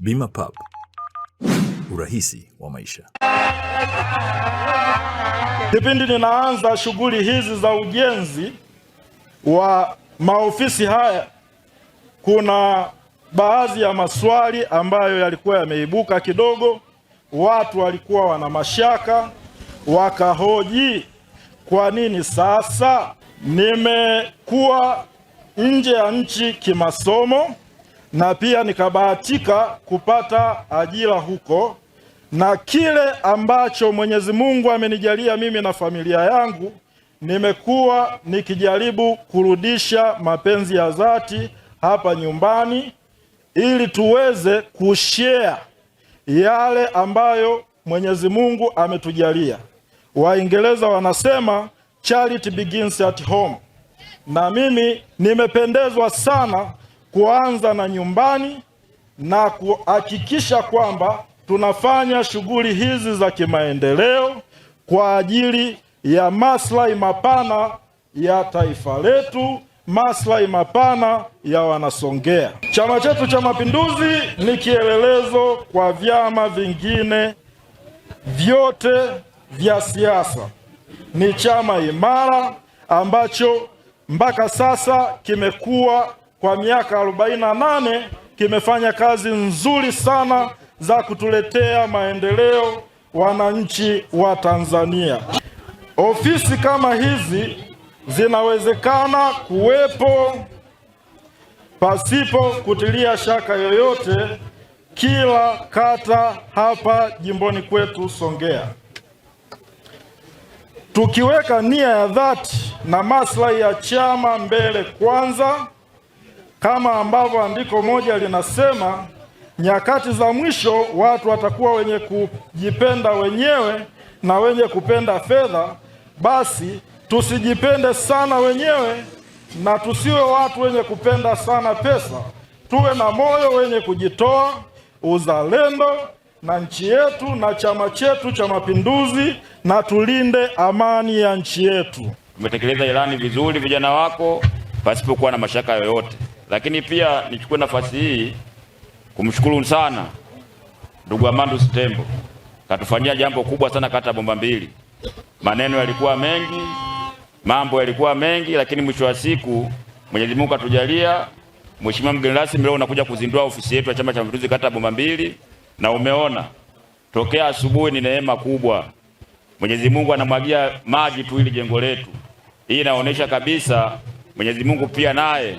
Bima Pub, urahisi wa maisha. Kipindi ninaanza shughuli hizi za ujenzi wa maofisi haya, kuna baadhi ya maswali ambayo yalikuwa yameibuka kidogo. Watu walikuwa wana mashaka, wakahoji kwa nini sasa. Nimekuwa nje ya nchi kimasomo na pia nikabahatika kupata ajira huko, na kile ambacho Mwenyezi Mungu amenijalia mimi na familia yangu, nimekuwa nikijaribu kurudisha mapenzi ya dhati hapa nyumbani ili tuweze kushare yale ambayo Mwenyezi Mungu ametujalia. Waingereza wanasema charity begins at home, na mimi nimependezwa sana kuanza na nyumbani na kuhakikisha kwamba tunafanya shughuli hizi za kimaendeleo kwa ajili ya maslahi mapana ya taifa letu, maslahi mapana ya Wanasongea. Chama chetu cha Mapinduzi ni kielelezo kwa vyama vingine vyote vya siasa. Ni chama imara ambacho mpaka sasa kimekuwa kwa miaka 48 kimefanya kazi nzuri sana za kutuletea maendeleo wananchi wa Tanzania. Ofisi kama hizi zinawezekana kuwepo pasipo kutilia shaka yoyote kila kata hapa jimboni kwetu Songea, tukiweka nia ya dhati na maslahi ya chama mbele kwanza kama ambavyo andiko moja linasema, nyakati za mwisho watu watakuwa wenye kujipenda wenyewe na wenye kupenda fedha. Basi tusijipende sana wenyewe na tusiwe watu wenye kupenda sana pesa. Tuwe na moyo wenye kujitoa, uzalendo na nchi yetu na chama chetu cha Mapinduzi, na tulinde amani ya nchi yetu. Umetekeleza ilani vizuri, vijana wako, pasipokuwa na mashaka yoyote. Lakini pia nichukue nafasi hii kumshukuru sana ndugu Amandus Tembo, katufanyia jambo kubwa sana kata bomba mbili. Maneno yalikuwa mengi, mambo yalikuwa mengi, lakini mwisho wa siku Mwenyezi Mungu katujalia. Mheshimiwa mgeni rasmi, leo unakuja kuzindua ofisi yetu ya Chama cha Mapinduzi kata bomba mbili, na umeona tokea asubuhi ni neema kubwa. Mwenyezi Mungu anamwagia maji tu ili jengo letu. Hii inaonyesha kabisa Mwenyezi Mungu pia naye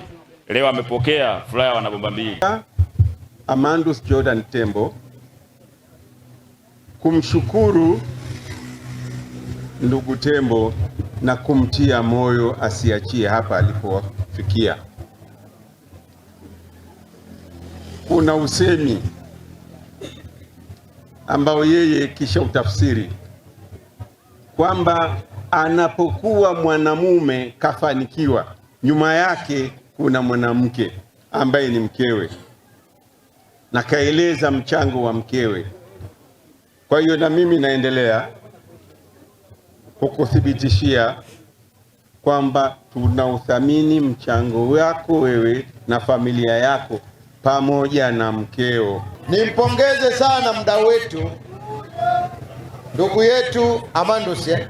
leo amepokea fulaya wanabomba mbili. Amandus Jordan Tembo kumshukuru ndugu Tembo na kumtia moyo asiachie hapa alipofikia. Kuna usemi ambao yeye kisha utafsiri kwamba anapokuwa mwanamume kafanikiwa, nyuma yake kuna mwanamke ambaye ni mkewe na kaeleza mchango wa mkewe. Kwa hiyo na mimi naendelea kukuthibitishia kwamba tunauthamini mchango wako wewe na familia yako pamoja na mkeo. Nimpongeze sana mdau wetu ndugu yetu Amandusi eh?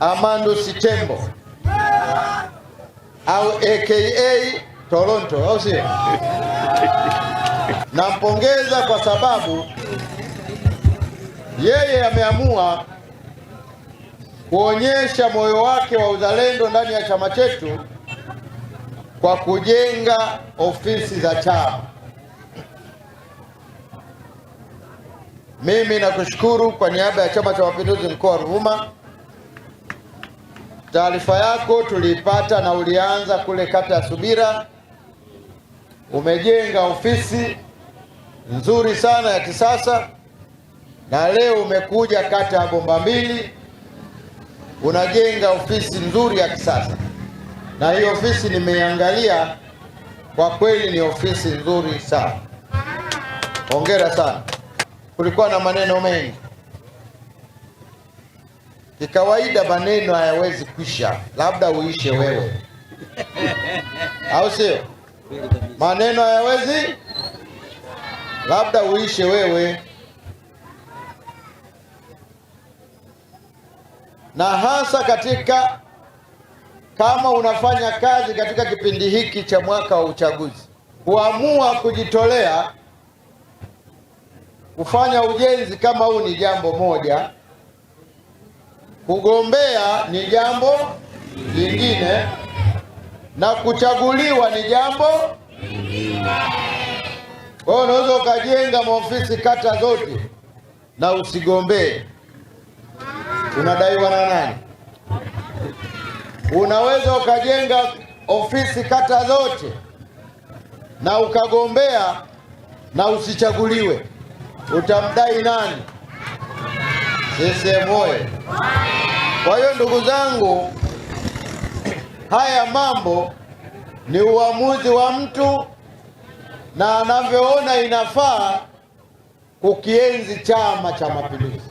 Amandusi Tembo au aka Toronto, au sio? Nampongeza kwa sababu yeye ameamua kuonyesha moyo wake wa uzalendo ndani ya chama chetu kwa kujenga ofisi za chama. Mimi nakushukuru kwa niaba ya Chama cha Mapinduzi mkoa wa Ruvuma. Taarifa yako tuliipata na ulianza kule kata ya Subira. Umejenga ofisi nzuri sana ya kisasa, na leo umekuja kata ya Bomba Mbili, unajenga ofisi nzuri ya kisasa, na hiyo ofisi nimeiangalia, kwa kweli ni ofisi nzuri sana. Hongera sana. Kulikuwa na maneno mengi Kikawaida maneno hayawezi kwisha, labda uishe wewe, au sio? Maneno hayawezi labda uishe wewe, na hasa katika kama unafanya kazi katika kipindi hiki cha mwaka wa uchaguzi, kuamua kujitolea kufanya ujenzi kama huu ni jambo moja kugombea ni jambo lingine na kuchaguliwa ni jambo lingine. Kwa hiyo unaweza ukajenga maofisi kata zote na usigombee, unadaiwa na nani? Unaweza ukajenga ofisi kata zote na ukagombea na usichaguliwe, utamdai nani? CCM oye! Kwa hiyo ndugu zangu, haya mambo ni uamuzi wa mtu na anavyoona inafaa kukienzi Chama cha Mapinduzi.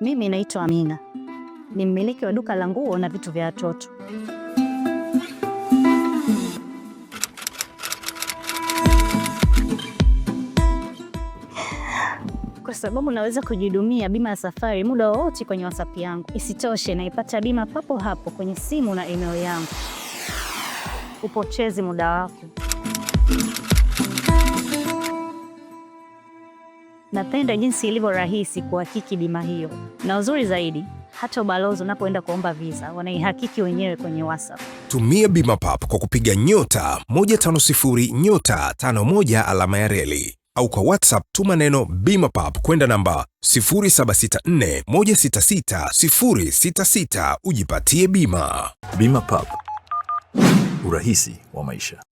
Mimi naitwa Amina ni mmiliki wa duka la nguo na vitu vya watoto. Kwa sababu naweza kujihudumia bima ya safari muda wowote kwenye WhatsApp yangu. Isitoshe, naipata bima papo hapo kwenye simu na email yangu. Upotezi muda wako. Napenda jinsi ilivyo rahisi kuhakiki bima hiyo, na uzuri zaidi hata ubalozi unapoenda kuomba visa wanaihakiki wenyewe kwenye WhatsApp. Tumia Bima Pap kwa kupiga nyota 150 nyota 51 alama ya reli au kwa WhatsApp tuma neno Bima Pap kwenda namba 0764166066 ujipatie bima. Bima Pap, urahisi wa maisha.